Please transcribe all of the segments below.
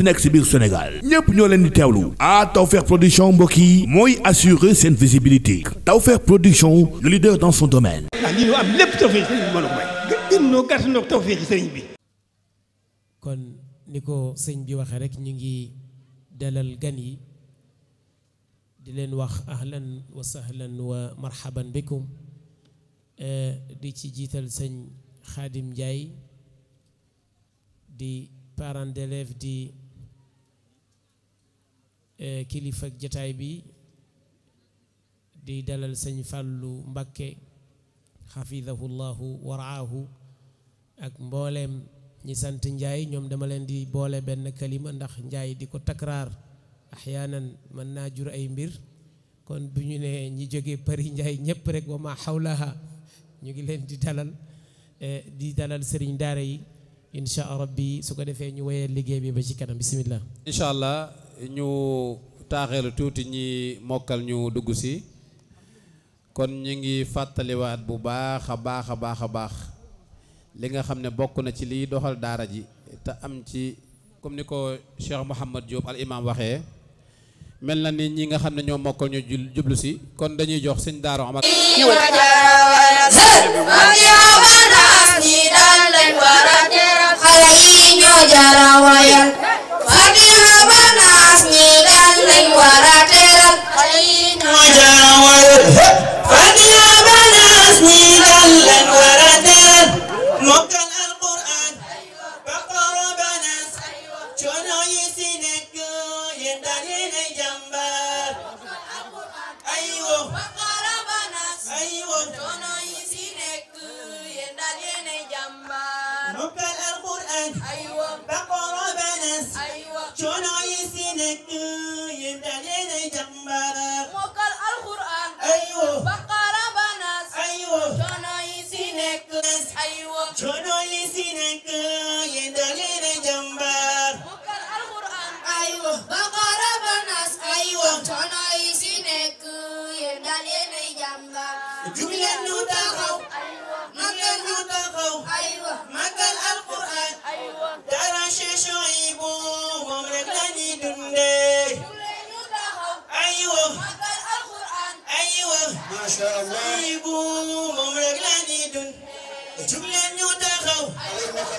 mënti nekk si biir Sénégal ñëpp ñoo leen di teewlu ah Tawfekh production mbokk yi mooy assurer seen visibilité Tawfekh production le leader dans son domaine. Ah, kon ni ko sëñ bi waxee rek ñu ngi dalal gan yi di leen wax ahlan wa sahlan wa marhaban bikum eh, di ci jiital sëñ Xaadim Njaay di parent d'élève di Eh, kilifa ak jataay bi di dalal sëñ Fàllu Mbakke xafidahu llahu waraahu ak mbooleem ñi sant njaay ñoom dama leen di boole benn kalima ndax njaay di ko takraar axyaanan mën naa jur ay mbir kon bu ñu ne ñi jógee Paris njaay ñëpp rek wa ma xawlaha ñu ngi leen di dalal eh, di dalal sëriñ daara yi incha bi su ko defee ñu woyee liggéey bi ba ci kanam bismillah incha allah ñu taaxeelu tuuti ñi mokkal ñu dugg si kon ñu ngi fàttaliwaat bu baax a baax a baax a baax li nga xam ne bokk na ci liy doxal daara ji te am ci comme ni ko Cheikh Mouhamad Diop al imam waxee mel na ni ñi nga xam ne ñoo mokkal ñu jublu si kon dañuy jox sëñ daara Omar xale yi ñoo jara dundee aywa aywa macha allah ay bu moom rek la ñuy dund jug leen ñu taxaw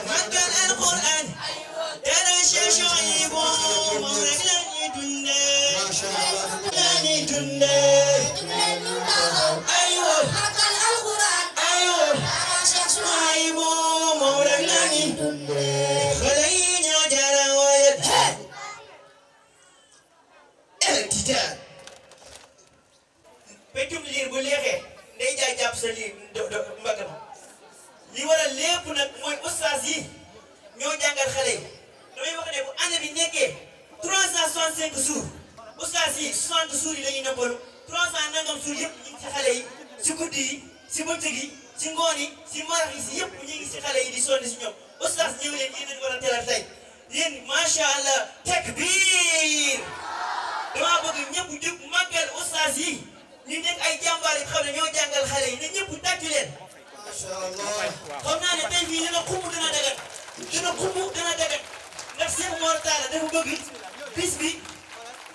màggal alquran dara session yi bu moom rek la ñuy dundee la ñuy dundee aywa aywa ay bu moom rek la ñuy dundee héréditaire peccum liir bu leexee nday jaay jàpp sa liir do do mbagg ma li war a lépp nag mooy ustaas yi ñoo jàngal xale yi damay wax ne bu année bi nekkee trois cent soixante cinq jours ustaas yi soixante jours yi la ñuy nëbbalu trois cent nangam jours yëpp ñu ngi xale yi si guddi yi si bëccëg yi si ngoon yi si marax yi si yëpp ñu ngi si xale yi di sonn si ñoom ustaas ñëw leen yéen dañu war a teral tey yéen macha allah takbir ma bëgg ñëpp jóg màggal ustaas yi ñu nekk ay jàmbaar yi xam ne ñoo jàngal xale yi ne ñëpp tàccu leen. macha allah xam naa ne tey fii dina xumb dina dagat dina xumb dina dagat ndax Cheikh Mor Talla dafa bëgg bis bi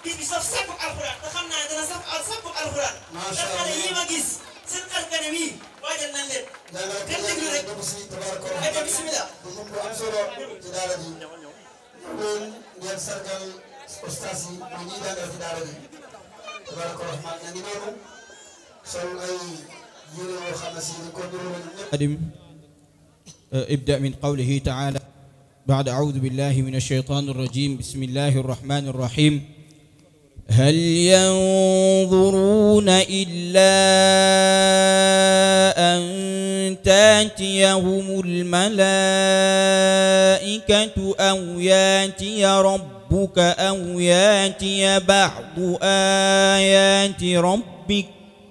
bis bi saf sàpp alxuraan te xam naa ne dana saf al sàpp alxuraan. macha allah xale yi ma gis seen xar kanam yi waajal nañ leen. dem déglu rek ayca bisimilah. ñu ngi am solo ci daara ji. ñu ngi leen ustaas yi mooy ñuy jàngal ci daara ji tabaraka rahmaan na ngi noonu sol ay yére yoo xam ne si ko niroo ñëpp eh, ibda min qawlihi taala بعد أعوذ بالله من الشيطان الرجيم بسم الله الرحمن الرحيم هل ينظرون إلا أن تأتيهم الملائكة أو يأتي رب ربك أو ياتي بعض آيات ربك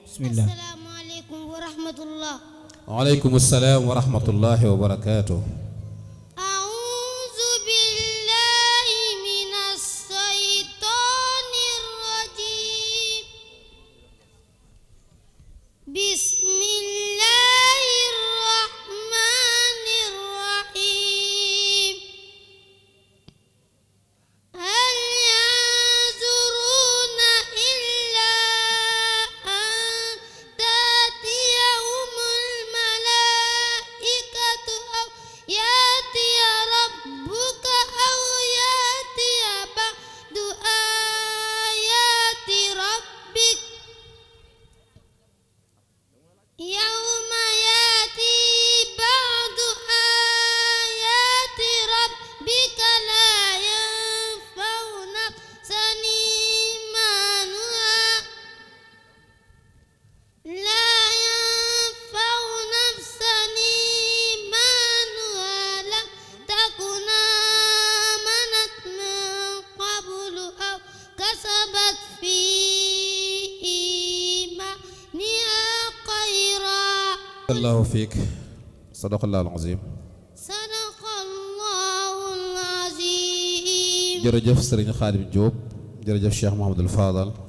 بسم الله السلام عليكم ورحمة الله وعليكم السلام ورحمة الله وبركاته barakallahu fiik sadaqallahu alazim sadaqallahu alazim jërëjëf sëriñ Xaadim Diop jërëjëf Cheikh Mouhamadul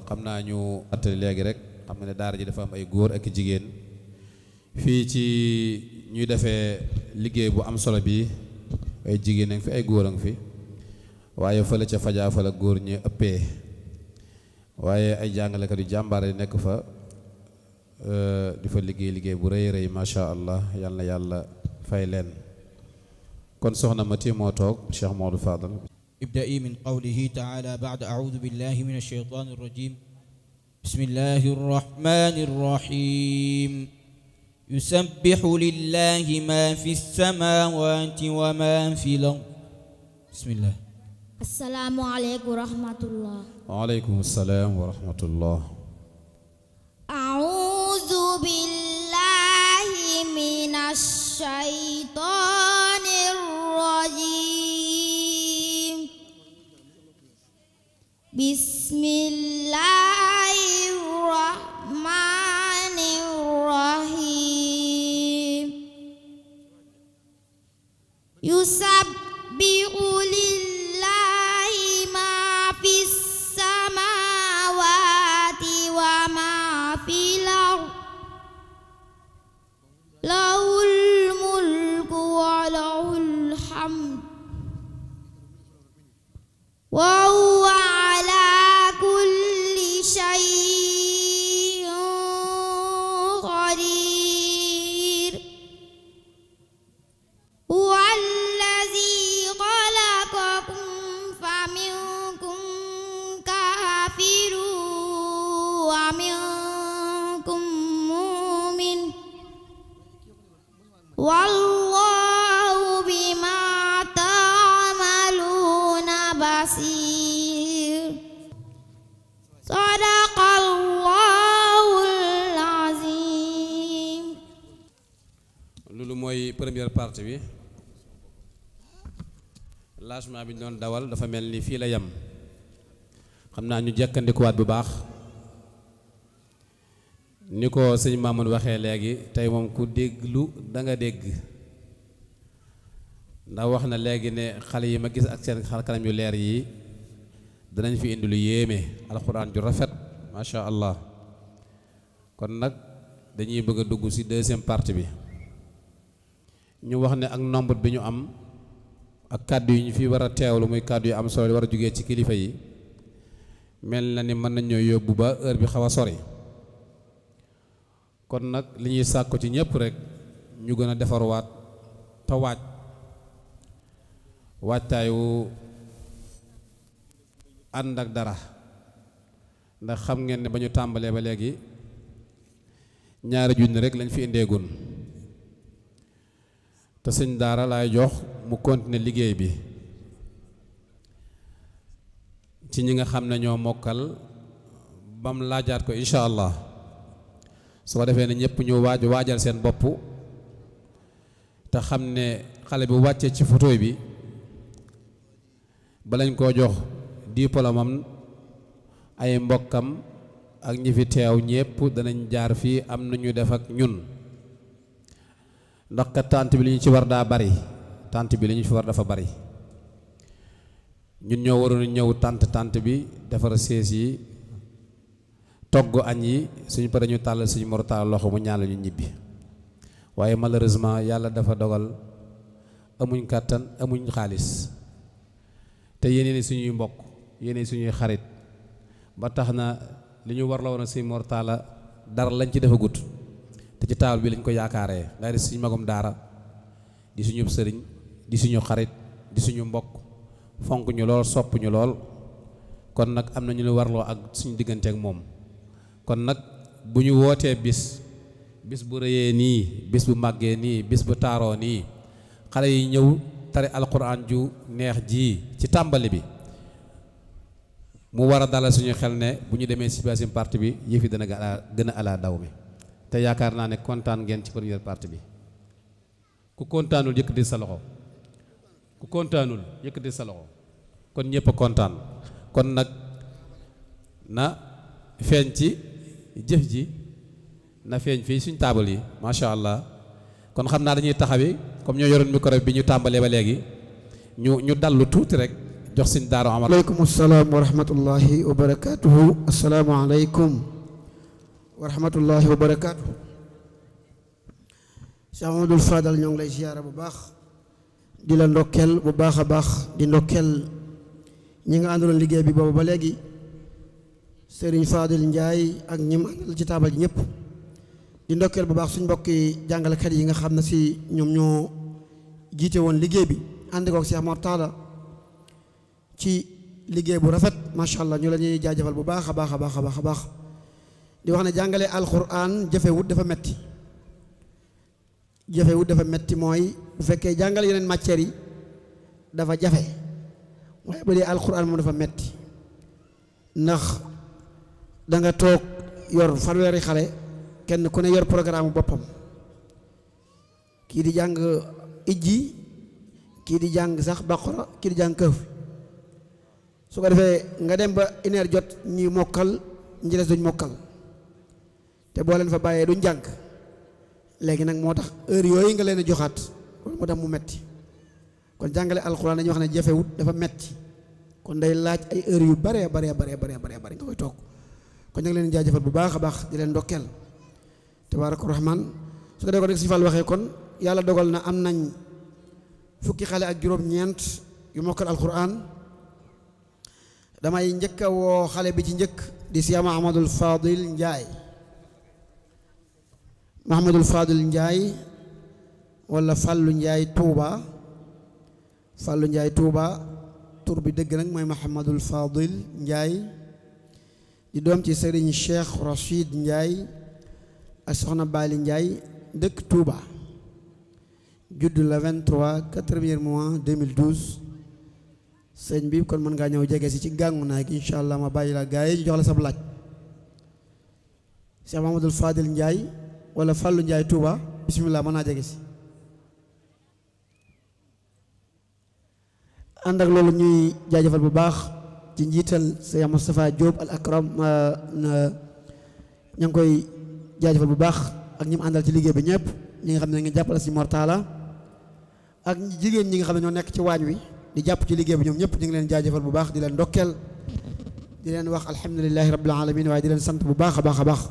xam naa ñu attali léegi rek xam nga ne daara ji dafa am ay góor ak jigéen fii ci ñuy defee liggéey bu am solo bi ay jigéen a fi ay góor a ngi fi waaye fële ca fajaa fële góor ñi ëppee waaye ay jàngalekat yu jàmbaar yi nekk fa di fa liggéey liggéey bu rëy rëy macha allah yal na yàlla fay leen kon soxna Mati moo toog Cheikh Modou Fadal ابدئي من قوله تعالى بعد أعوذ بالله من الشيطان الرجيم بسم الله الرحمن الرحيم يسبح لله ما في السماوات وما في الأرض بسم الله السلام عليكم ورحمة الله وعليكم السلام ورحمة الله الشيطان الرجيم بسم الله الرحمن الرحيم يسبح لله partie bi logement bi ñu doon dawal dafa mel ni fii la yem xam naa ñu jëkkandikuwaat bu baax ni ko sëñ Mamoun waxee léegi tey moom ku déglu da nga dégg ndax wax na léegi ne xale yi ma gis ak seen xar kanam yu leer yi danañ fi indi lu yéeme alxuraan ju rafet macha allah kon nag dañuy bëgg a dugg ci deuxième partie bi. ñu wax ne ak nombre bi ñu am ak kàddu yi ñu fi war a teewlu muy kàddu yu am solo war a jugee ci kilifa yi mel na ni mën nañoo yóbbu ba heure bi xaw a sori kon nag li ñuy sàkku ci ñëpp rek ñu gën a defarwaat te waaj waajtaayu ànd ak dara ndax xam ngeen ne ba ñu tàmbalee ba léegi ñaari junni rek lañ fi indeegun te sëñ daara laay jox mu continuer liggéey bi ci ñi nga xam ne ñoo mokkal bam laajaat ko incha allah su ko defee ne ñëpp ñu waaj waajal seen bopp te xam ne xale bi wàccee ci photo bi balañ koo jox diplôme am ay mbokkam ak ñi fi teew ñëpp danañ jaar fii am na ñu def ak ñun ndax kat tant bi li ñu ci war daa bari tànt bi li ñu ci war dafa bari ñun ñoo waroon ñëw tànt tànt bi defar sées yi togg añ yi suñu paree ñu tàllal suñu mortaal loxo mu ñaan la ñibbi waaye malheureusement yàlla dafa dogal amuñ kàttan amuñ xaalis te yeneen suñuy mbokk yeneen suñuy xarit ba tax na li ñu war la woon suñu mortaala dara lañ ci dafa gut te ci taal bi lañ ko yaakaaree ndax di suñu magum daara di suñu sëriñ di suñu xarit di suñu mbokk fonk ñu lool sopp ñu lool kon nag am na ñu lu warloo ak suñu diggante ak moom kon nag bu ñu wootee bis bis bu rëyee nii bis bu màggee nii bis bu taaroo nii xale yi ñëw tari alquran ju neex ji ci tàmbali bi mu war a dalal suñu xel ne bu ñu demee ci baasim parti bi yëf yi dana gën a daw mi te yaakaar naa ne kontaan ngeen ci première partie bi ku kontaanul yëkkati sa loxo ku kontaanul yëkkati sa loxo kon ñëpp kontaan kon nag na feeñ ci jëf ji na feeñ fii suñ taabal yi macha allah kon xam naa dañuy taxawi comme ñoo yoroon micro bi ñu tàmbalee ba léegi ñu ñu dallu tuuti rek jox suñ daaru amar aleykum salaam aleykum wa rahmatullahi wa barakaatu Cheikh Amadou Fadal ñoo ngi lay ziyaara bu baax di la ndokkeel bu baax a baax di ndokkeel ñi nga àndaloon liggéey bi boobu ba léegi Serigne Fadil Ndiaye ak ñi mu ci taabal ji ñëpp di ndokkeel bu baax suñ mbokki jàngalekat yi nga xam ne si ñoom ñoo jiite woon liggéey bi ànd koog Cheikh Mortala ci liggéey bu rafet macha allah ñu la ñuy jaajëfal bu baax a baax a baax a baax a baax di wax ne jàngale alxuraan jafewut dafa metti jafewut dafa metti mooy bu fekkee jàngale yeneen matières yi dafa jafe waaye bu dee alxuraan moom dafa metti ndax danga toog yor fanweeri xale kenn ku ne yor programme boppam kii di jàng ijji kii di jàng sax baqara kii di jàng këf su ko defee nga dem ba une jot ñi mokkal ñi des mokkal te boo leen fa bàyyee duñ jàng léegi nag moo tax heure yooyu nga leen joxaat loolu moo tax mu metti kon jàngale alxuraan dañuy wax ne jafewut dafa metti kon day laaj ay heure yu baree baree baree baree baree baree nga koy toog kon ñu ngi leen jaajëfal bu baax a baax di leen ndokkeel tabaaraka rahmaan su ko dee ko rek si fal waxee kon yàlla dogal na am nañ fukki xale ak juróom-ñeent yu mokkal alxuraan damay njëkk a xale bi ci njëkk di Siyama Amadul Fadil Njaay Mahamadul Fadil Njaay walla Fàllu Njaay Tuuba Fàllu Njaay Tuuba tur bi dëgg nag mooy Mahamadul Fadil Njaay di doom ci Sëriñ Cheikh Rachid Njaay ak Soxna Baali Njaay dëkk Tuuba judd la 23 quatrième mois 2012 sëñ bi kon mën ngaa ñëw jege si ci gàngu naa gi incha allah ma bàyyi la gaa yi jox la sab laaj Cheikh Mahamadul Fadil Njaay wala Fallou njaay tuuba bisimilah mën naa jege si. ànd ak loolu ñuy jaajëfal bu baax ci njiital Seydou Moustapha Diop al akram euh, na ña ngi koy jaajëfal bu baax ak ñi àndal ci liggéey bi ñëpp ñi nga xam ne ngi jàppale si Mortala ak jigéen ñi nga xam ne ñoo nekk ci waañ wi di jàpp ci liggéey bi ñoom ñëpp ñu ngi leen jaajëfal bu baax di leen ndokkeel di leen wax alhamdulilahi rabbil alamin waaye di leen sant bu baax a baax a baax.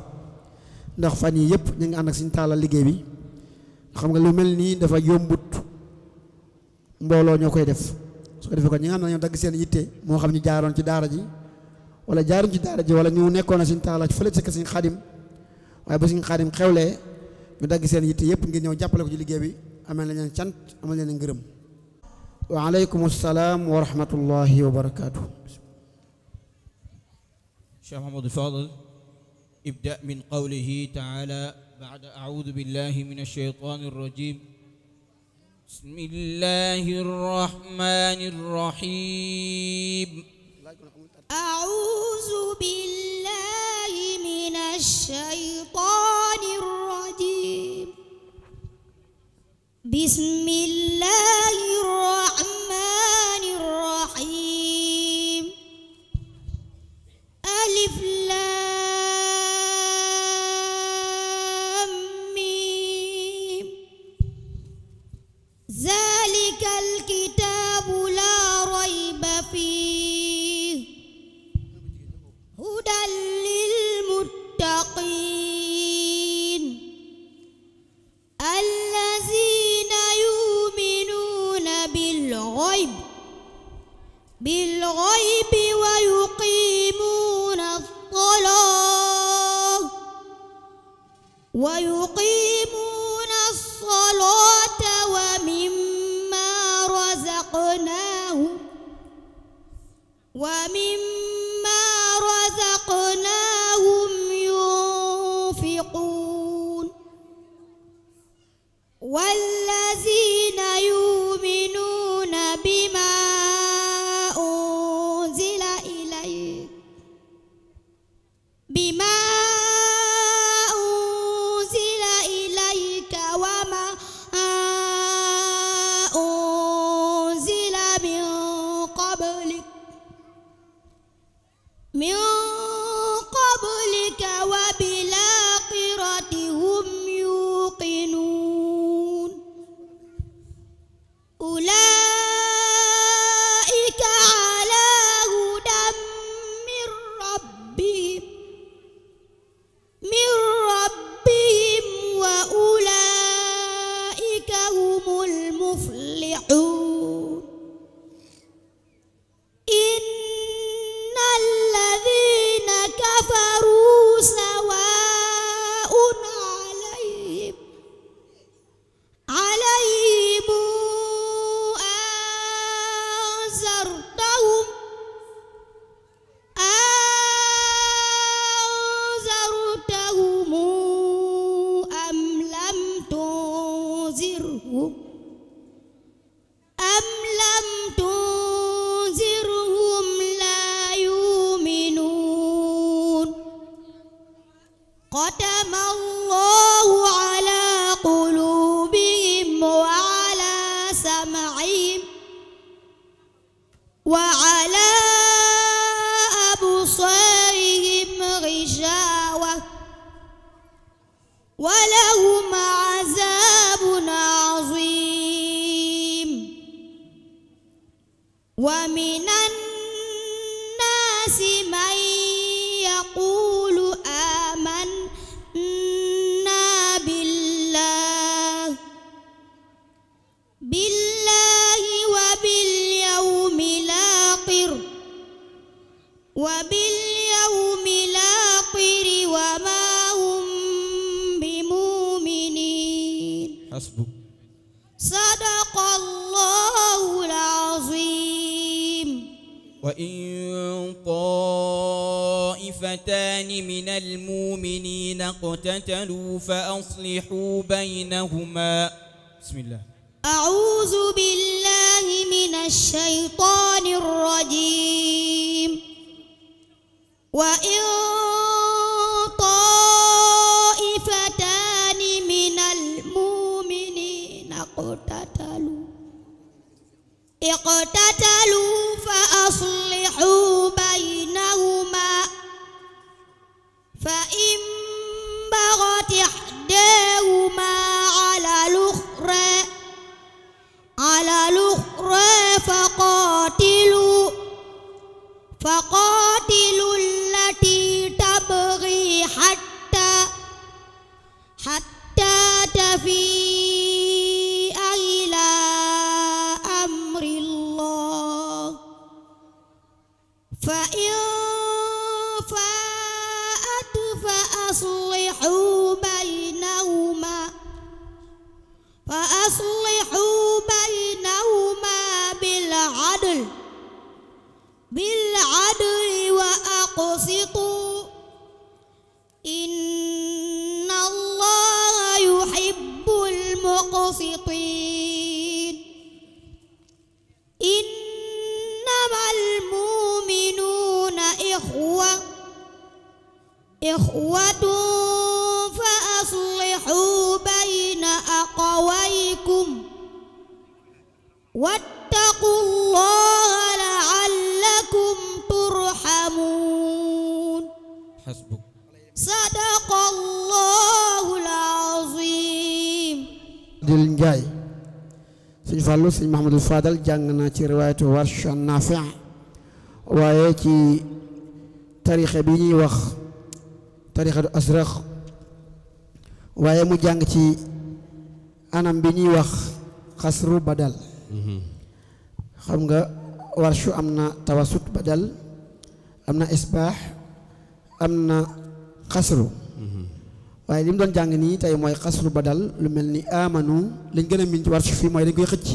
ndax fan yi yëpp ñu ngi ànd ak suñu taalal liggéey bi xam nga lu mel nii dafa yombut mbooloo ñoo koy def su ko defee ko ñi nga am ne ñoo dagg seen yitte moo xam ñu jaaroon ci daara ji wala jaaruñ ci daara ji wala ñu nekkoon ak suñu taalal fële ci suñu xadim waaye ba suñu xadim xewlee ñu dagg seen yitte yëpp ngir ñëw jàppale ko ci liggéey bi amal leen cant amal leen ngërëm. waaleykum salaam wa rahmatullahi wa barakaatu. Cheikh Mahamadou ابدأ من قوله تعالى بعد أعوذ بالله من الشيطان الرجيم بسم الله الرحمن الرحيم أعوذ بالله من الشيطان الرجيم بسم الله الرحمن الرحيم ألف لام بالغيب ويقيمون الصلاة ويقيمون الصلاة ومما رزقناهم ومما ومن الناس طائفتان من المؤمنين اقتتلوا فأصلحوا بينهما بسم الله أعوذ بالله من الشيطان الرجيم وإن طائفتان من المؤمنين اقتتلوا اقتتلوا فأصلحوا قال الأخرى فقاتلوا فقاتلوا المقسطين إنما المؤمنون إخوة إخوة فأصلحوا بين أقويكم واتقوا Fàllu sëñ Mahamadul Fadal jàng na ci riwaayatu Warsh Naafi waaye ci tarixe bi ñuy wax tarixatu asrax waaye mu jàng ci anam bi ñuy wax xasru badal xam nga warshu am na tawasut badal am na isbaax am na xasru waaye li doon jàng nii tey mooy xasru badal lu mel ni amanu lañ gën a miin ci war fii mooy dañ koy xëcc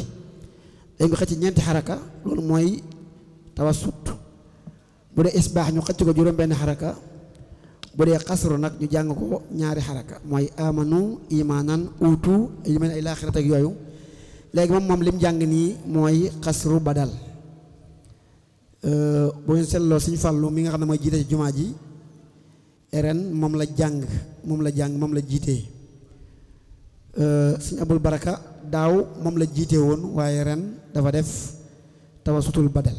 dañ koy xëcc ñeenti xaraka loolu mooy tawassut bu dee isbaax ñu xëcc ko juróom-benn xaraka bu dee xasru nag ñu jàng ko ñaari xaraka mooy amanu imaanan uutu yu mel ni ay laaxirat yooyu léegi moom moom li jàng nii mooy xasru badal bu ngeen seetloo suñu fàllu mi nga xam ne mooy jiite ci jumaa ji ren moom la jàng moom la jàng moom la jiitee euh, sëñ abul baraka daaw moom la jiite woon waaye ren dafa def tawasutul badal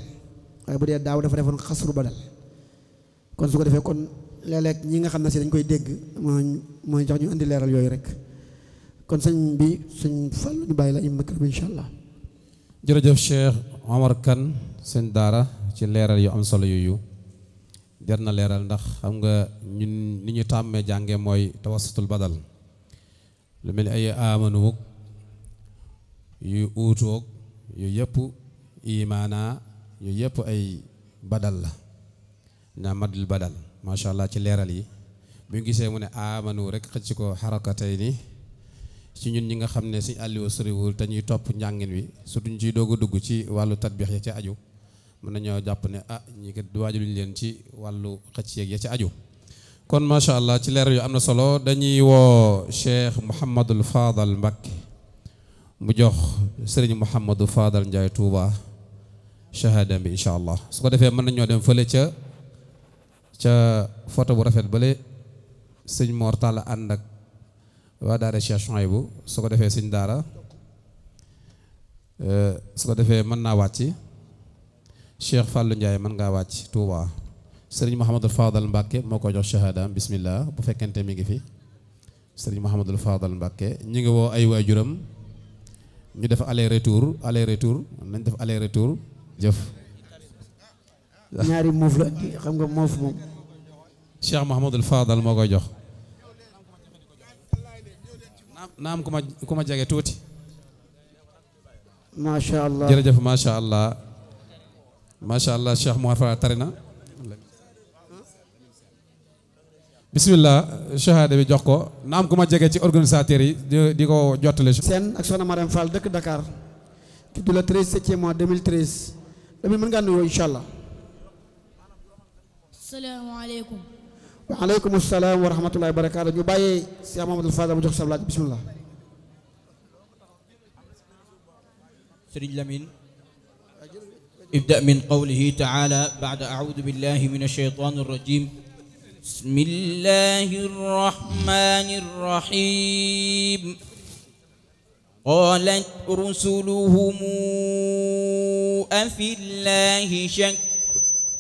waaye bu dee daaw dafa defoon xasru badal kon su ko defee kon léeg ñi nga xam ne si dañ koy dégg mooy mooy jox ñu indi leeral yooyu rek kon sëñ bi suñ Fallu ñu bàyyi la im makar bi insha allah jërëjëf Cheikh Omar Kane seen daara ci leeral yu am solo yooyu jar na leeral ndax xam nga ñun ni ñu tàmmee jànge mooy tawassutul badal lu mel ni ay amanuwug yu uutoog yu yëpp imaana yu yëpp ay badal la naa madul badal macha allah ci leeral yi bu gisee mu ne amanu rek xëcc ko xarakatay ni ci ñun ñi nga xam ne si àlli soriwul te ñuy topp njàngin wi su duñ ciy doog a dugg ci wàllu tatbix ya ci aju mën nañoo jàpp ne ah ñi kat waajaluñ leen ci wàllu xëcc yeeg ya ci aju kon macha allah ci leer yu am na solo dañuy woo Cheikh Mouhamadul Fadal Mbacké mu jox sëriñ Mouhamadou Fadal Ndiaye Touba shahada bi incha allah su ko defee mën nañoo dem fële ca ca photo bu rafet bale sëñ Mor ànd ak waa daara Cheikh su ko defee sëñ daara euh, su defee mën naa wàcc Cheikh Fallou Ndiaye mën ngaa wàcc Touba sëriñ Mouhamadul Fadal Mbacke moo ko jox shahadaam bismillah bu fekkente mi ngi fi sëriñ Mouhamadul Fadal Mbacke ñu ngi woo ay waajuram ñu def aller retour aller retour nañ def aller retour jëf. ñaari moof la xam nga moof moom. Cheikh Mouhamadul Fadal moo koy jox. naam ku ma ku ma jege tuuti. macha allah. macha allah Cheikh Mouhar Fara tari na bisimilah bi jox ko na am ku ma jege ci organisateur yi di ko jottale seen ak soxna Mariam Fall dëkk Dakar ki du la 13 septième mois 2013 damit mën ngaa nuyoo incha allah salaamaaleykum waaleykum salaam wa rahmatullahi wa barakaatu ñu bàyyee Cheikh Mamadou Fadal mu jox sa laaj bisimilah ابدأ من قوله تعالى بعد أعوذ بالله من الشيطان الرجيم بسم الله الرحمن الرحيم قالت رسلهم أفي الله شك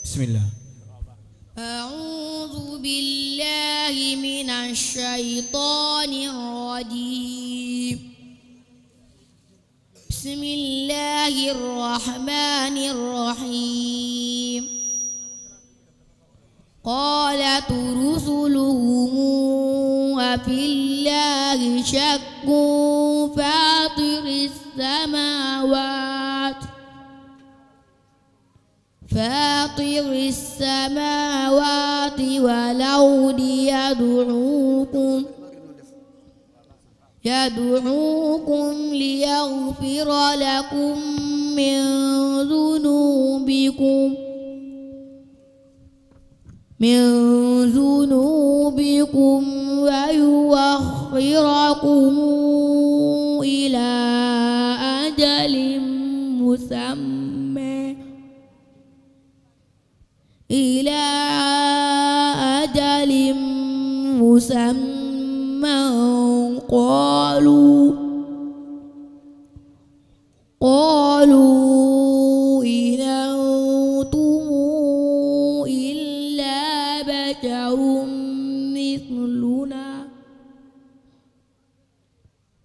بسم الله أعوذ بالله من الشيطان الرجيم بسم الله الرحمن الرحيم قالت رسلهم وفي الله شك فاطر السماوات فاطر السماوات والأرض يدعوكم يدعوكم ليغفر لكم من ذنوبكم من ذنوبكم ويؤخركم إلى أجل مسمى إلى أجل مسمى قالوا قالوا إن أنتم إلا بشر مثلنا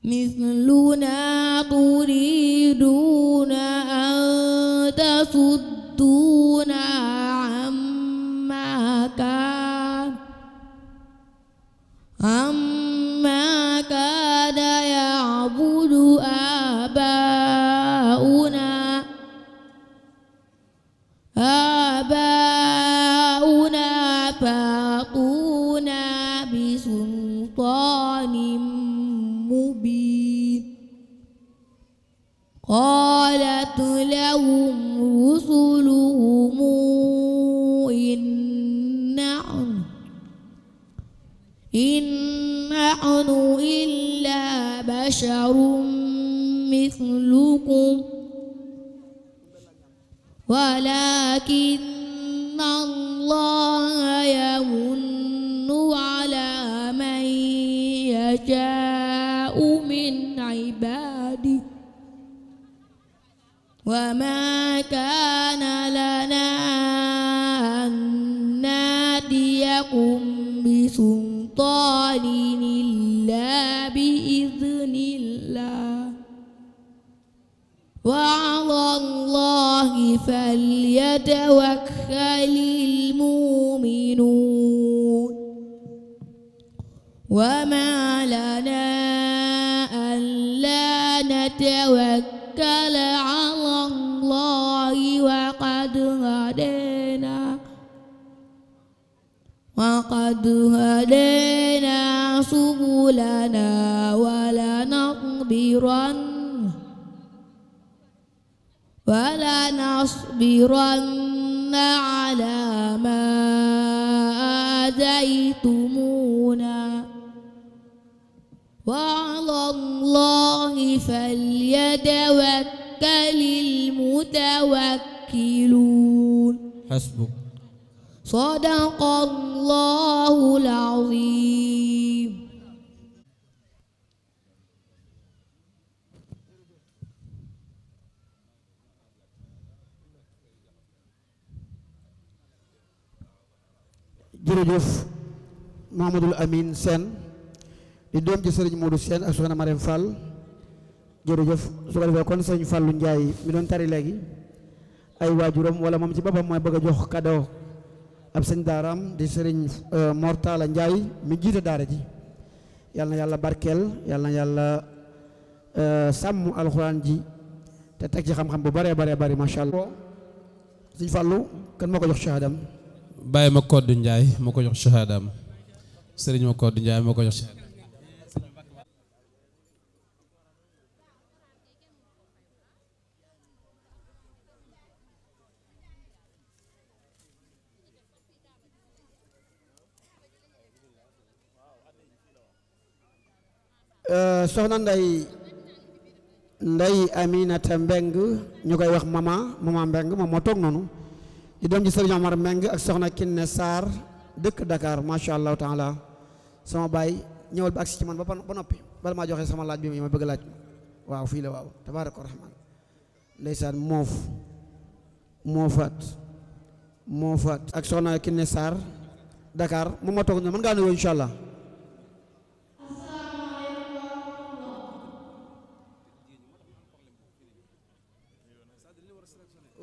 مثلنا سلطان مبين قالت لهم رسلهم إن نحن إن نحن إلا بشر مثلكم ولكن الله يمن يشاء من عباده وما كان لنا أن ناتيكم بسلطان إلا بإذن الله وعلى الله فليتوكل المؤمنون وما لنا ألا نتوكل على الله وقد هدينا وقد هدينا سبلنا ولنصبرن ولنصبرن على ما آذيتمونا وعلى الله فليتوكل المتوكلون حسبك صدق الله العظيم jërëjëf Mamadou Amine Sène di doom ji sëriñ Modou Sène ak soxna Marème Fall jërëjëf su ko defee kon sëriñ Fallou Ndiaye mi doon tari léegi ay waajuram wala moom ci boppam mooy bëgg a jox cadeau ab sëñ daaram di sëriñ euh, Mortala Ndiaye mi jiite daara ji yàlla na yàlla barkeel yàlla na yàlla euh, sàmm alxuraan ji te teg ci xam-xam bu baree baree bari macha allah. sëñ Fallou kan moo ko jox shahaadam. Baye Makoddu Ndiaye moo ko jox shahaadam sëriñ Makoddu Ndiaye moo ko jox. Euh, soxna nday nday Aminata Mbeng ñu koy wax mama mama Mbeng moom moo toog noonu di doom ci sëriñ Omar Mbeng ak soxna Kiné Sarr dëkk dakaar macha allahu taala sama baay ñëwal ba agsi ba noppi bala maa joxe sama laaj ma bëgg laaj waaw fii la waaw tabaaraka ak soxna Kiné Sarr Dakar moom moo toog noonu mën ngaa nuyoo incha allah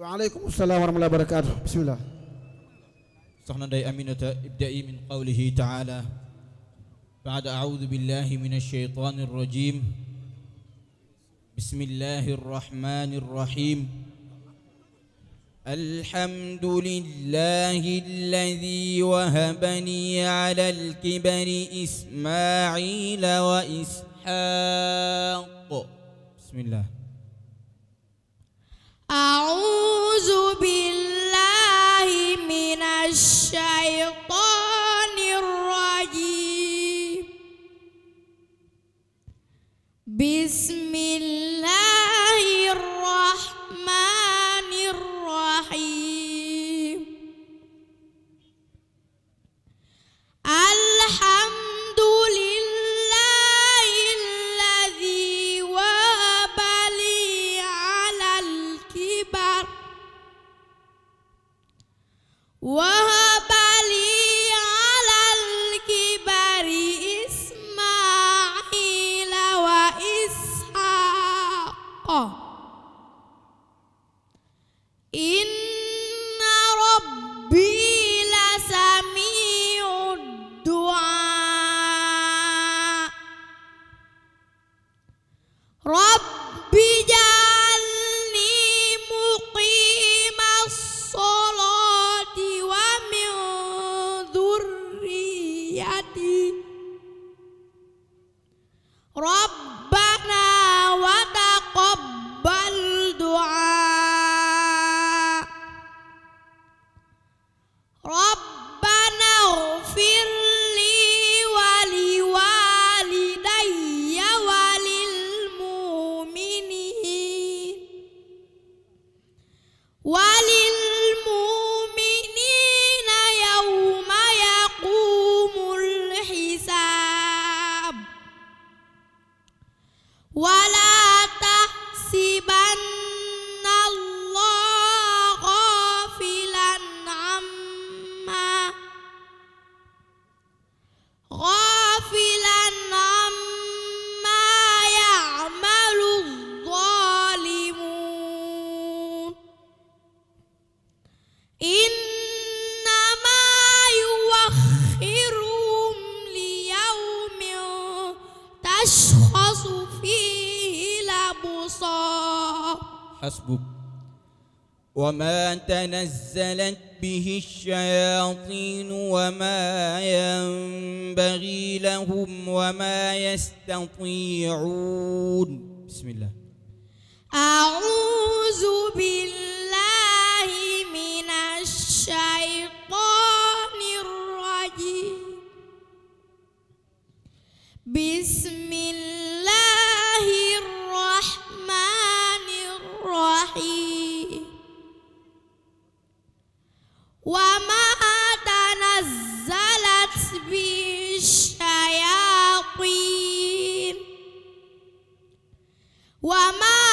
waaleykum salaam wa rahmatulah barakaatu bisimilah. soxna Ndeye Aminata ibda'i min qawlihi ta'ala ba'da a'uudu billahi mina shaytaani rajiim bismillahi rahmaani rahiim. الحمد لله الذي وهبني على الكبر إسماعيل وإسحاق بسم الله حسبك وما تنزلت به الشياطين وما ينبغي لهم وما يستطيعون بسم الله أعوذ بالله من الشيطان الرجيم بسم الله وما تنزلت به الشياطين وما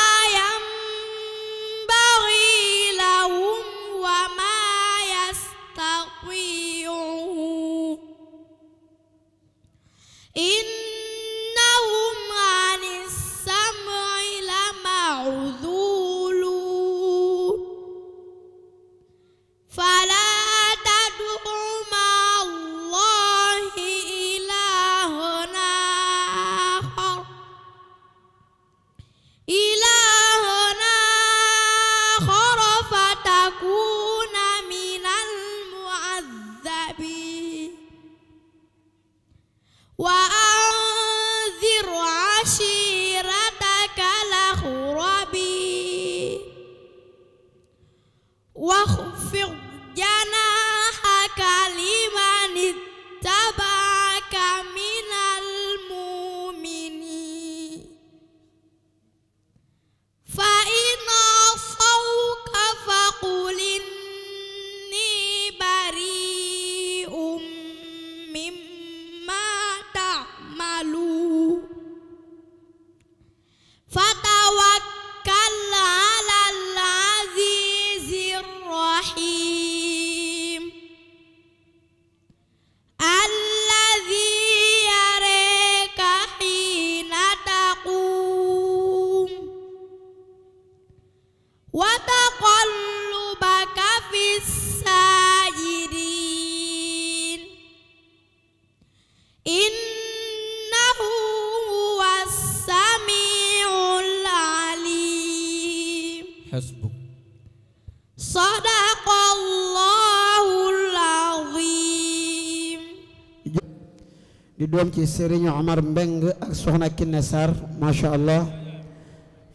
ci Serigne Omar Mbeng ak soxna Kiné Sarr macha allah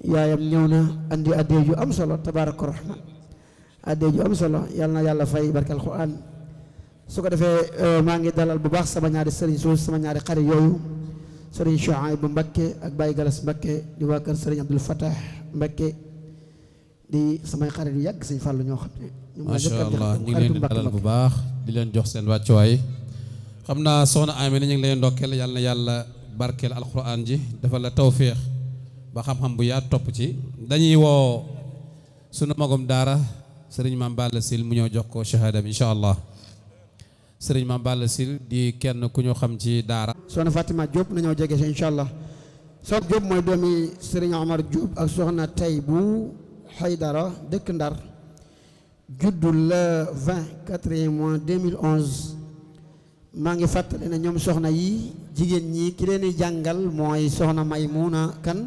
yaayam ñëw na andi addee ju am solo tabaraka rahman addee am solo yal na yàlla fay barke alquran su ko defee euh, maa ngi dalal bu baax sama ñaari Serigne suuf sama ñaari xare yooyu Serigne Chouaib bu Mbakke ak Baye Galas Mbakke di waa kër Serigne Abdoul Fatah Mbakke di samay xarit yu yàgg Serigne Fallou ñoo xam ne. macha allah ñu ngi leen di dalal bu baax di leen jox seen wàccuwaay. xam naa soxna Amina ñu ngi lay ndokkeel yàlla na yàlla barkeel alquran ji dafa la tawféex ba xam-xam bu yaat topp ci dañuy woo sunu magum daara sëriñ maam Balla Sil mu ñëw jox ko shahada bi incha allah sëriñ maam Balla Sil di kenn ku ñu xam ci daara. soxna Fatima Diop na ñëw jege si incha allah soxna Diop mooy doomi sëriñ Omar Diop ak soxna tay bu dara dëkk Ndar juddu la maa ngi fàttali ne ñoom soxna yi jigéen ñi ki leen di jàngal mooy soxna may a Kan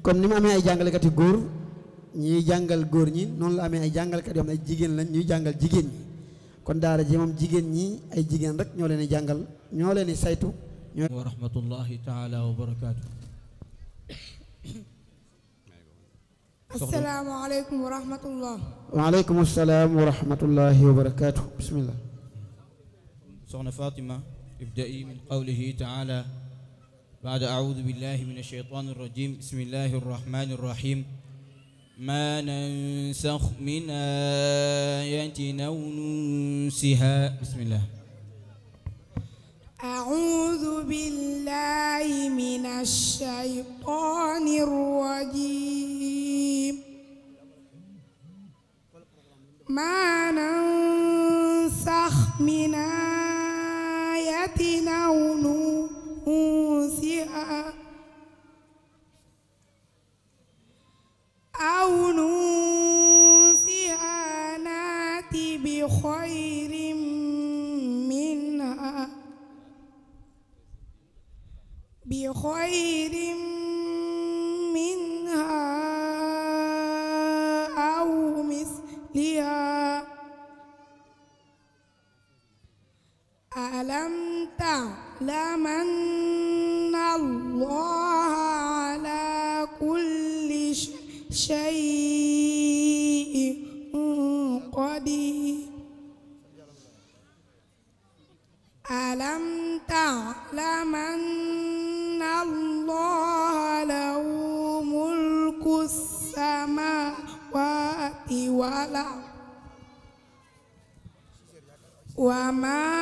comme ni mu amee ay jàngalekati góor ñuy jàngal góor ñi noonu la amee ay jàngalekat yoo ay jigéen lañ ñuy jàngal jigéen ñi kon daara ji moom jigéen ñi ay jigéen rek ñoo leen di jàngal ñoo leen di saytu ñoo wa rahmatullahi taala wa barakaatu asalaamaaleykum wa rahmatullah waaleykum asalaam wa barakaatu bismillah soxna Fatima ibda'i min qawlihi ta'ala ba'da a'uudu billahi mina shaytaani rajiim bismillahi rahmaani rahiim ما ننسخ من آية أو ننسها بسم الله أعوذ بالله من الشيطان الرجيم ما ننسخ من آية آياتنا وننسها أو ننسها ناتي بخير منها بخير منها أو مثلها ألم تعلم أن الله على كل شيء قدير ألم تعلم أن الله له ملك السماوات والأرض وما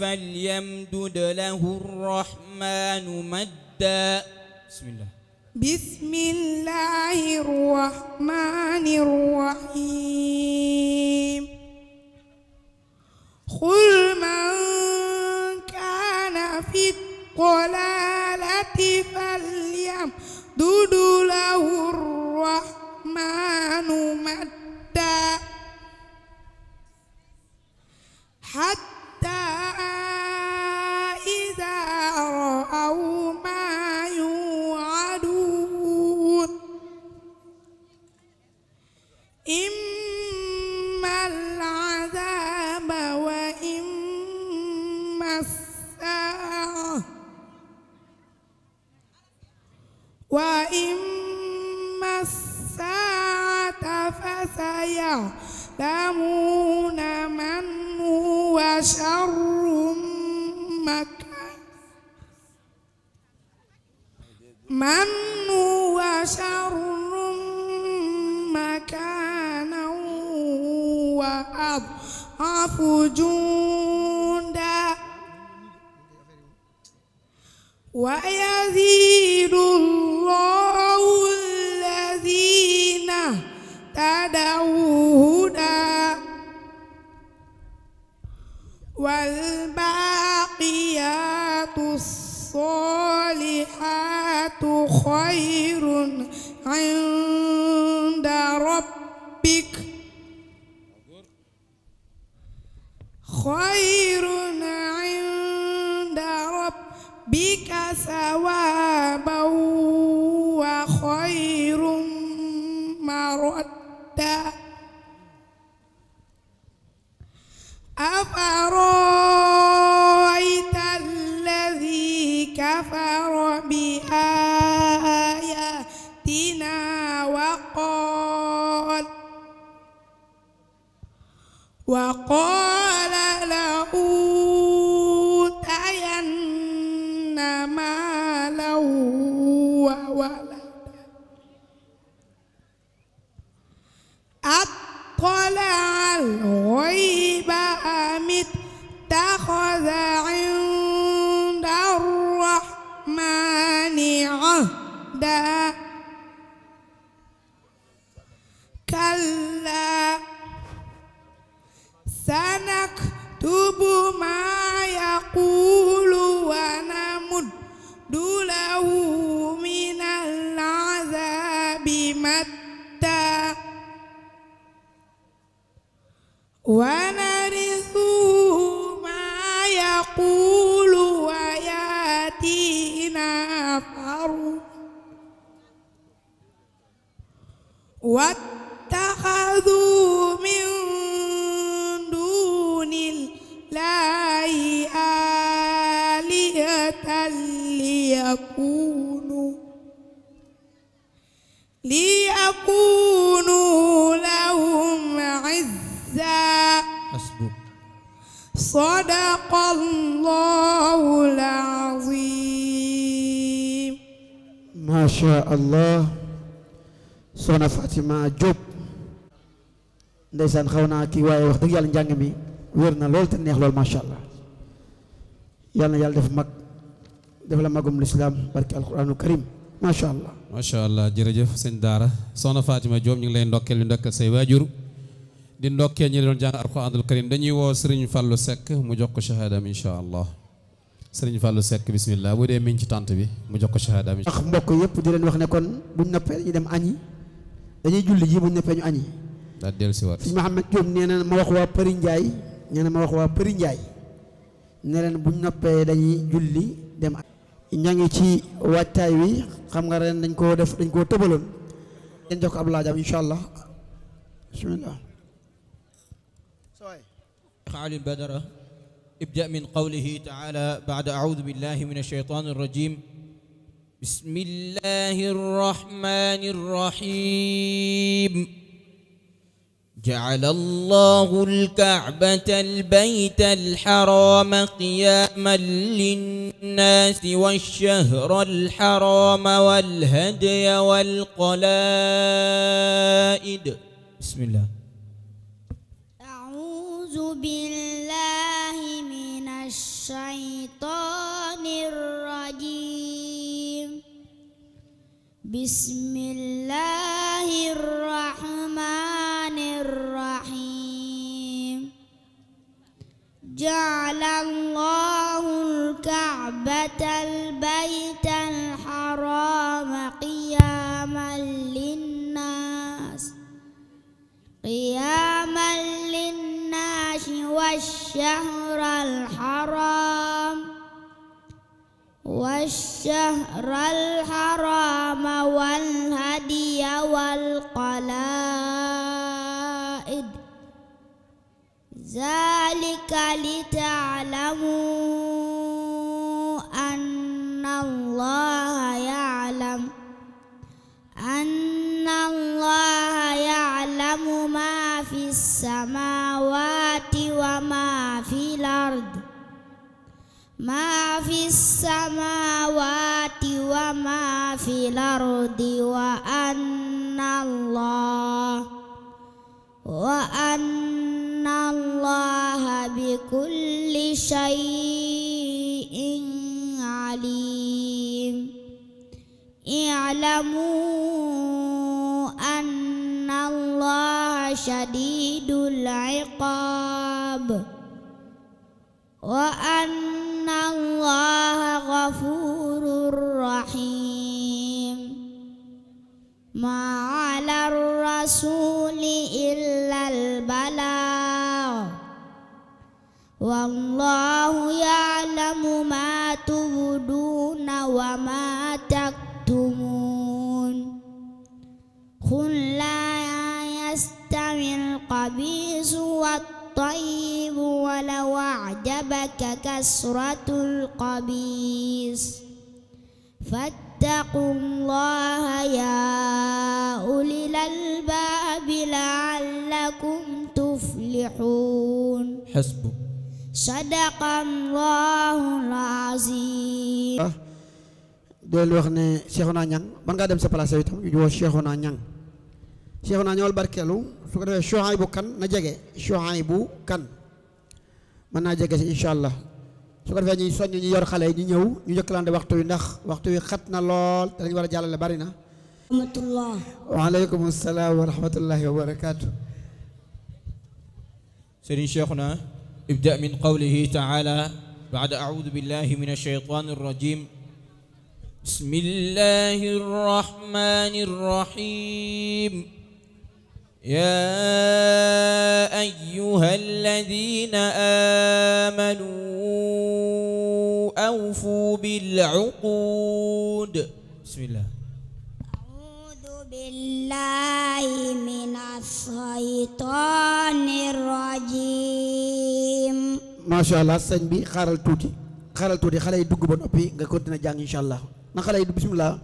فل يعلمون من هو شر مكان من هو شر مكانا وأضعف جوعا خير عند ربك خير Tubuh manusia ma Diop ndeysaan xaw naa kii waaye wax dëgg yàlla njàng mi wér na lool te neex lool macha allah yàlla na yàlla def mag def la magum lislaam barki alquraanu karim macha allah. macha allah jërëjëf sëñ Daara soxna Fatima Diop ñu ngi lay ndokkeel ñu ndokkeel say waajur di ndokkeel ñi doon jàng alquraanul karim dañuy woo Serigne Fallou Seck mu jox ko shahadam incha allah Serigne Fallou bismillah bu dee miñ ci tànt bi mu jox ko shahadam. ndax mbokk yëpp di leen wax ne kon buñ ñu dem dañuy julli ji buñ neppee ñu añi daal dellusiwaat sëñ Mouhamed Diop nee na ma wax waa Përi Ndiaye nee na ma wax waa Përi Ndiaye ne leen buñ noppee dañuy julli dem ña ngi ci waajtaay wi xam nga ren dañ koo def dañ koo tëbaloon dañ jox ko ab laajam insha allah bismillah xaalin badara ibda min qawlihi taala baada audu billahi min alsheytan alrajim بسم الله الرحمن الرحيم جعل الله الكعبة البيت الحرام قياما للناس والشهر الحرام والهدي والقلائد بسم الله أعوذ بالله من الشيطان الرجيم bismillahi rahmani rahim ja'ala allahu al-ka'bata al-bayta al-harama qiyaman linnas qiyaman linnas wash-shahra al-haram والشهر الحرام والهدي والقلائد ذلك لتعلموا أن الله يعلم أن الله يعلم ما في السماوات وما في الأرض ما في السماوات وما في الأرض وأن الله وأن الله بكل شيء عليم اعلموا أن الله شديد العقاب وأن وأن الله غفور رحيم ما على الرسول إلا البلاغ والله يعلم ما تبدون وما تكتمون قل لا يستوي القبيح والطيب الطيب ولو أعجبك كثرة القبيس فاتقوا الله يا أولي الألباب لعلكم تفلحون حسبك صدق الله العظيم del wax ne Cheikhouna Niang mën ngaa dem sa place itam ñu woo Cheikhouna Niang cheikh naa ñëwal su ko defee Chouaib bu kan na jege Chouaib bu kan mën naa jege si incha allah su ko defee ñuy soññ ñu yor xale ñu ñëw ñu jëkkalante waxtu wi ndax waxtu wi xat na lool te dañu war a jàllale bari na. rahmatullah. waaleykum salaam wa rahmatullahi wa barakaatu. sëriñ cheikh naa ibda min qawlihi taala baada audu billahi min ashaytaani rajim bismillahi rahmani rahim يا أيها الذين آمنوا أوفوا بالعقود بسم الله أعوذ بالله من الشيطان الرجيم ما شاء الله sëñ bi xaaral tuuti xaaral tuuti xale yi dugg ba noppi nga continuer jàng incha allah na xale yi bismillah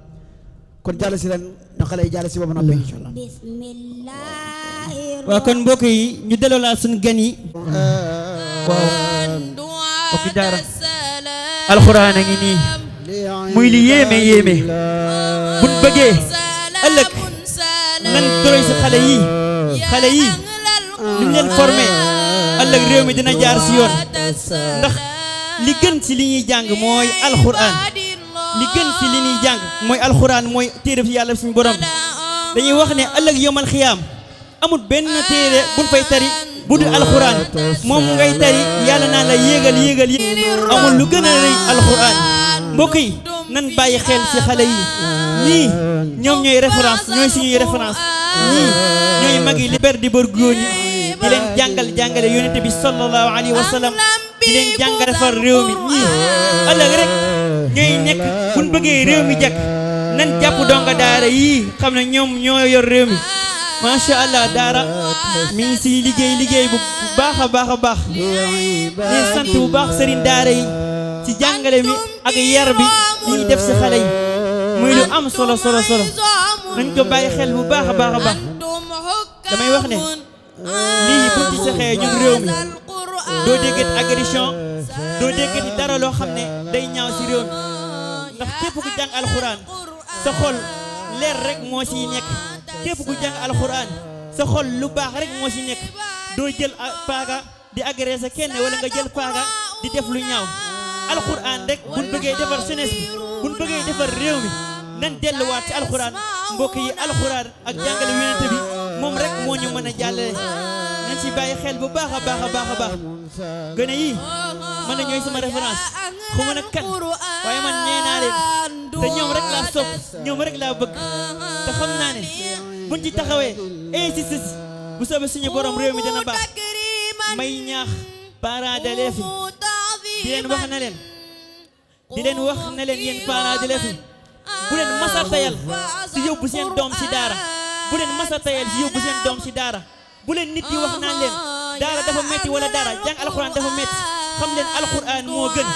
kon jàll si ren na xale yi jàll si boobu noppi incha allah. waaw kon mbokk ñu delloo laa suñu gan yi. waaw. mbokk jaara. alxuraan a ngi muy li yéeme yéeme. buñ bëggee. ëllëg. nan toroy si xale yi. xale yi. ni ñu leen formé. ëllëg dina jaar si yoon. ndax li gën si li ñuy jàng mooy alxuraan. li gën si li ñuy jàng mooy alxuraan mooy téere fi yàlla suñu borom dañuy wax ne ëllëg yowmal xiyaam amul benn téere buñ fay tari bu dul alxuraan moom ngay tari yàlla naa la yéegal yéegal yi amul lu gën a rëy alxuraan mbokk yi nan bàyyi xel si xale yi ñii ñoy ñooy référence ñooy suñuy référence ñii ñooy mag yi li ber di bër góor ñi di leen jàngal jàngale yonente bi sallallahu alayhi wa sallam di leen ñooy nekk bu bëggee réew mi jag nan jàpp donga daara yii xam ne ñoom ñoo yor réew mi macha allah daara mi ngi si liggéey liggéey bu baax a baax a baax di sant bu baax sëriñ daara yi ci jàngale mi ak yar bi li def si xale yi muy lu am solo solo solo nañ ko bàyyi xel bu baax a baax a baax damay wax ne lii bu ci saxee ñun réew mi doo déggat agression doo déggati dara loo xam ne day ñaaw ci réew mi ndax képp ku jàng alxuraan sa xol leer rek moo ciy nekk képp ku jàng alxuraan sa xol lu baax rek moo ci nekk doo jël paaga di agresser kenn wala nga jël paaga di def lu ñaaw alxuraan rek buñ bëggee defar jeunesse bi buñ bëggee defar réew mi nan delluwaat ci alxuraan mbokk yi alxuraan ak jàngale yonent bi moom rek moo ñu mën a jàllale ci bàyyi xel bu baax a baax a baax a baax gone yi man a ñooy sama référence xuma nag kan waaye man ñee naa leen te ñoom rek laa sopp ñoom rek laa bëgg te xam naa ne buñ ci taxawee insisté si bu soobee suñu borom réew mi dana baax may ñaax parents d'élèves yi di leen wax na leen di leen wax na leen yéen parents d'élèves bu leen masa tayal si yóbbu seen doom si daara bu leen masa tayal si yóbbu seen doom si daara bu leen nit di wax naan leen daara dafa metti wala daara jàng alxuraan dafa metti xam leen alxuraan moo gën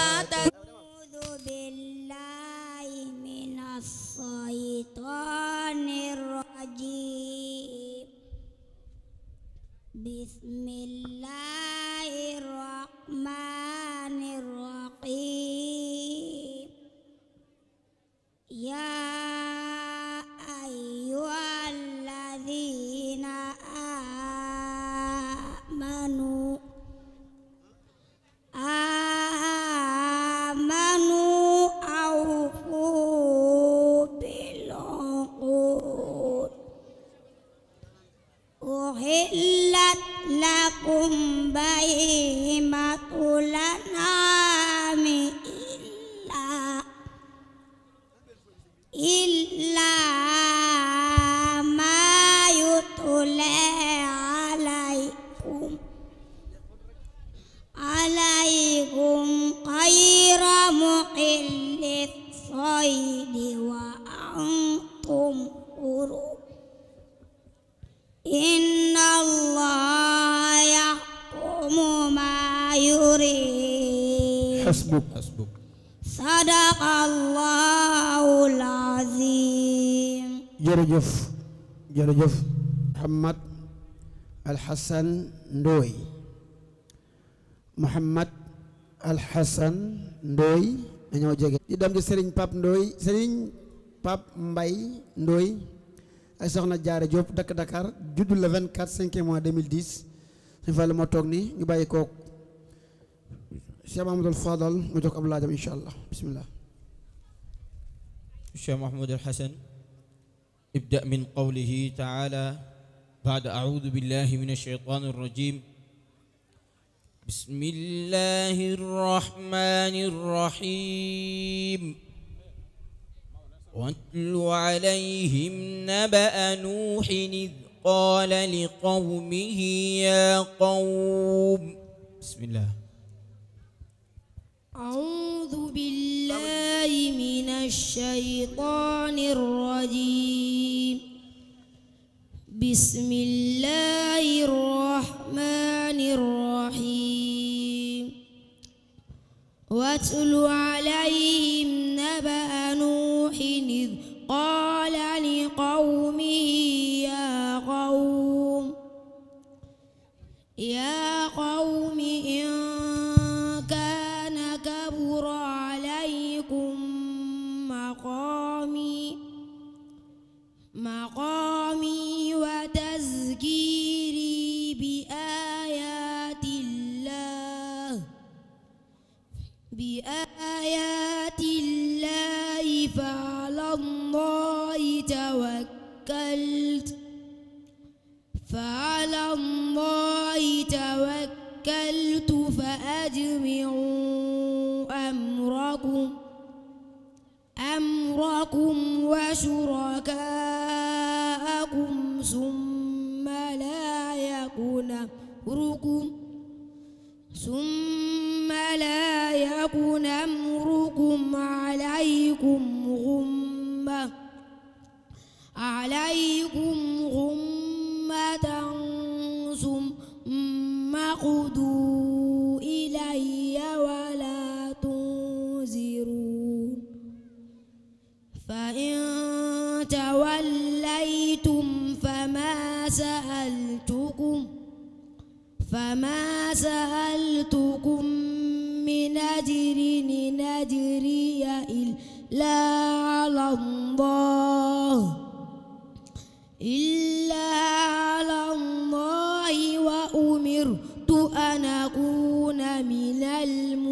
بسم الله Sadaqallahul Aziim jërëjëf jërëjëf Muhammad Alxasan Ndooy Muhammad Alxasan Ndooy dañoo jege di dem di Serigne Pape Ndooy Serigne Pape Mbaye Ndooy ay soxna Jaara Diop dakk Dakar juddu le 24 5 mois 2010 suñu fàll moo toog ni ñu bàyyi kook Cheikh Mamadou Fadal moo jox ab laajam incha allah bismillah Cheikh Mahmoud al Hasan ibda min qawlihi taala baada audu billahi min alsheytaani alrajim bismillahi arrahmani arrahim واتل عليهم نبأ نوح إذ قال لقومه يا قوم بسم الله أعوذ بالله من الشيطان الرجيم بسم الله الرحمن الرحيم واتل عليهم نبأ نوح إذ قال لقومه يا قوم يا قوم وَكَلْتُ فَأَجْمِعُوا أَمْرَكُمْ أَمْرَكُمْ وَشُرَكَاءَكُمْ ثُمَّ لَا يَكُنْ أَمْرُكُمْ ثُمَّ لَا يَكُنْ أَمْرُكُمْ عَلَيْكُمْ غُمَّةً عليكم غمة تعقدوا إلي ولا تنزرون فإن توليتم فما سألتكم فما سألتكم من أجر إن أجري إلا على الله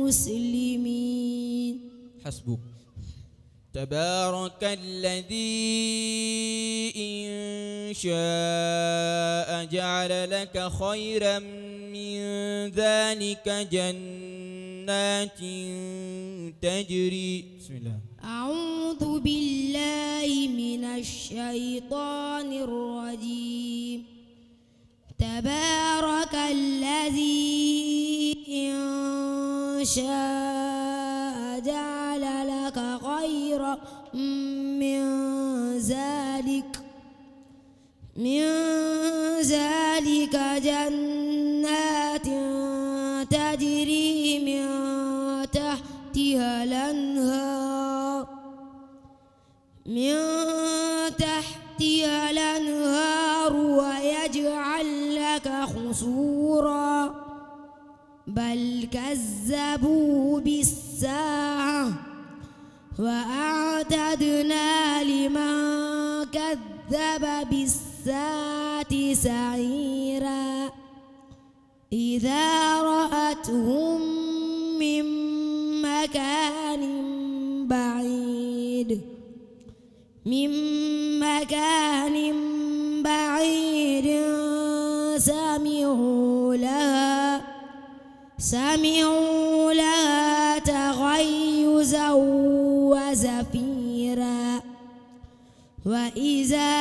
المسلمين حسبك تبارك الذي إن شاء جعل لك خيرا من ذلك جنات تجري بسم الله أعوذ بالله من الشيطان الرجيم تبارك الذي إن شاء جعل لك خيرا من ذلك من ذلك جنات تجري من تحتها الأنهار من تحتها الأنهار محصورا بل كذبوا بالساعة وأعتدنا لمن كذب بالساعة سعيرا إذا رأتهم من مكان بعيد من مكان بعيد سمعوا لها سمعوا لها تغيزا وزفيرا وإذا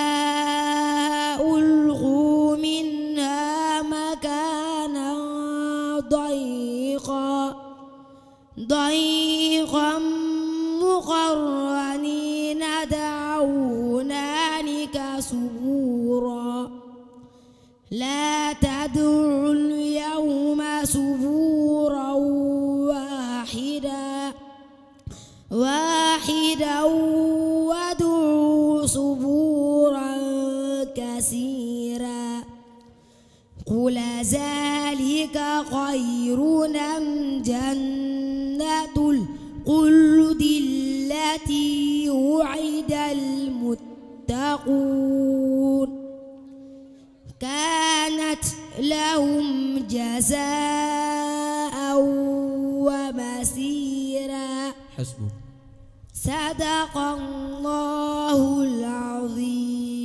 ألقوا منها مكانا ضيقا ضيقا لولا ذلك خير أم جنة الخلد التي وعد المتقون كانت لهم جزاء ومسيرا حسبك صدق الله العظيم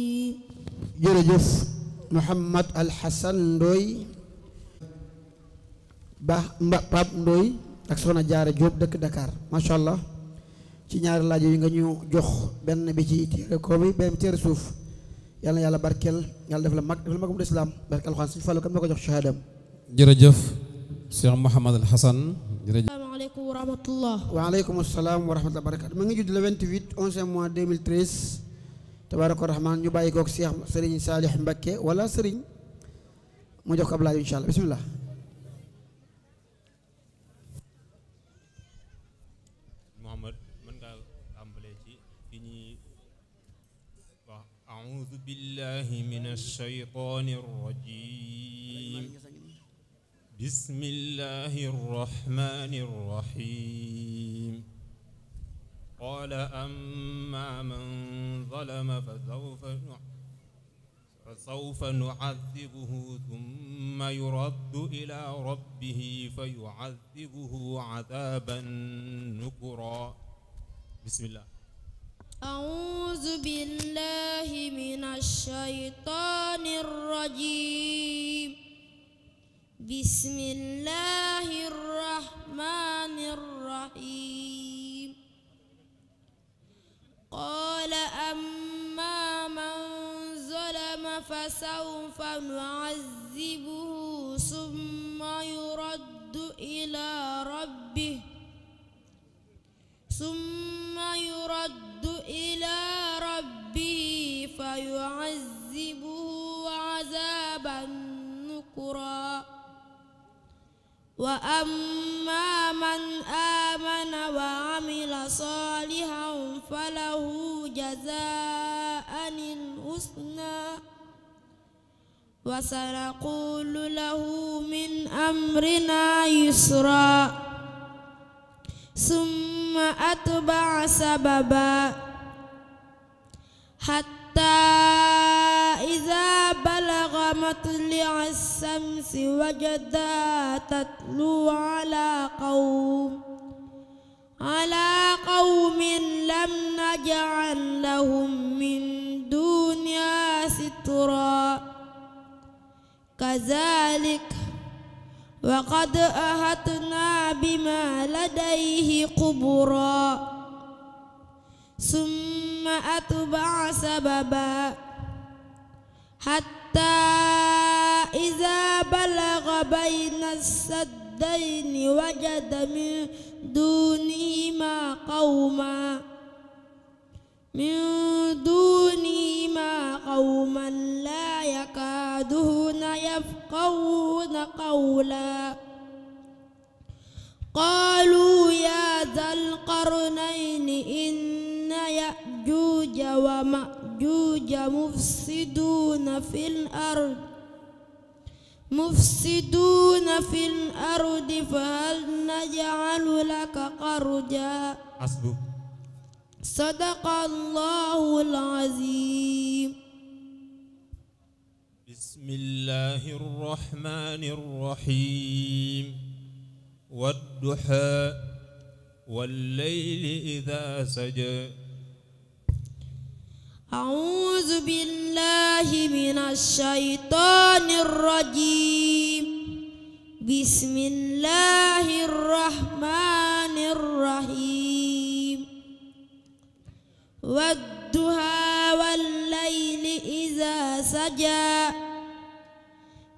jërëjëf Mouhamad Al Hassan ndooy baax mba Pape Ndoy ak Soxna Jaara Jóob dëkk dakaar macha allah ci ñaari laaj yi nga ñu jox benn bi ci téere kaw bi benn téere suuf yàlla na yàlla barkeel yàlla def la mag def la magum lislaam barkeel alxuraan suñu fàllu kam na ko jox shahaadam jërëjëf Cheikh Mouhamad Al Hassan jërëjëf salaamaaleykum wa rahmatullah waaleykum salaam wa rahmatullah barakaatu ma ngi judd le 28 11 mois 2013 tabaaraka rahmaan ñu bàyyi koog Cheikh Serigne Salih Mbakke wala Serigne mu jox ko ab laaj incha allah bisimilah. Mouhamad mën ngaa tàmbalee ci fi ñuy wax aoudu billahi min ashaytaani rajim bismillahi rahmaani rahim قال أما من ظلم فسوف فسوف نعذبه ثم يرد إلى ربه فيعذبه عذابا نكرا بسم الله أعوذ بالله من الشيطان الرجيم بسم الله الرحمن الرحيم قال أما من ظلم فسوف نعذبه ثم يرد إلى ربه ثم يرد إلى ربه فيعذبه عذابا نكرا wa amma man amana wa amila salihan falahu jazaa'an husna wa sanaqulu lahu min amrina yusra summa atba'a sababa hatta مطلع الشمس وجدها تطلو على قوم على قوم لم نجعل لهم من دونها سترا كذلك وقد أهتنا بما لديه قبرا ثم أتبع سببا حتى حتى إذا بلغ بين السدين وجد من دونهما قوما من دونهما قوما لا يكادون يفقهون قولا قالوا يا ذا القرنين إن يأجوج ومأجوج ويأجوج مفسدون في الأرض مفسدون في الأرض فهل نجعل لك خرجا حسبك صدق الله العظيم بسم الله الرحمن الرحيم والضحى والليل إذا سجى أعوذ بالله من الشيطان الرجيم بسم الله الرحمن الرحيم والضحى والليل إذا سجى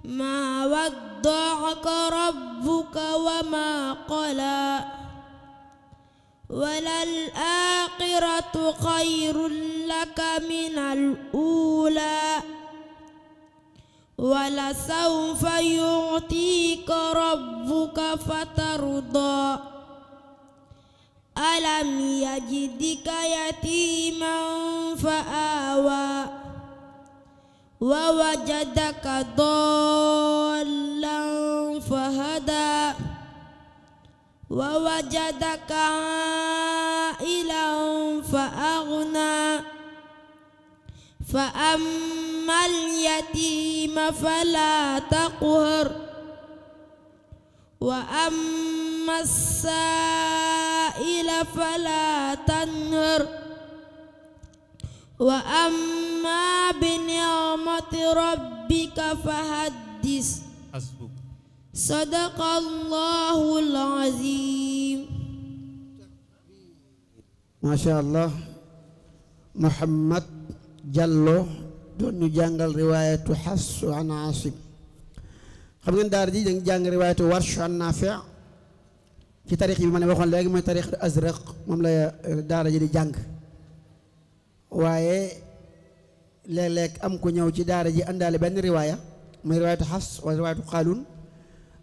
ما ودعك ربك وما قلى وللآخرة خير لك من الأولى ولسوف يعطيك ربك فترضى ألم يجدك يتيما فآوى ووجدك ضالا فهدى ووجدك عائلا فأغنى فأما اليتيم فلا تقهر وأما السائل فلا تنهر وأما بنعمة ربك فحدث sadaqallahul aziim masha allah muhammad jallo doon ñu jàngal riwaayatu xafs an aasim xam ngeen daara ji dañ jàng riwaayatu warsh an naafi ci tariix bi ma ne waxoon léegi mooy tariix azraq moom la euh, daara ji di jàng waaye léeg lekk am ku ñëw ci daara ji àndaale benn riwaaya muy riwaayatu xafs wala riwaayatu qaalun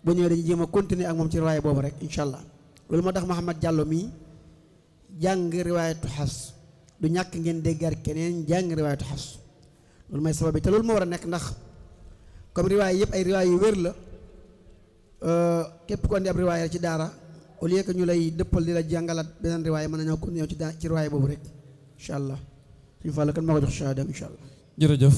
bu ñëwee dañuy jéem a continuer ak moom ci riwaay boobu rek incha allah loolu ma tax Mouhamed Diallo mii jàng riwaayatu xas du ñàkk ngeen déggaat keneen jàng riwaayatu xas loolu may sabab bi te loolu moo war a nekk ndax comme riwaay yëpp ay riwaay yu wér la euh, képp ko andi ab riwaay ci daara au lieu que ñu lay dëppal di la jàngalaat beneen riwaay mën nañoo continuer ci daa ci riwaay boobu rek incha allah suñu fàll kan moo ko jox shahaadam incha allah jërëjëf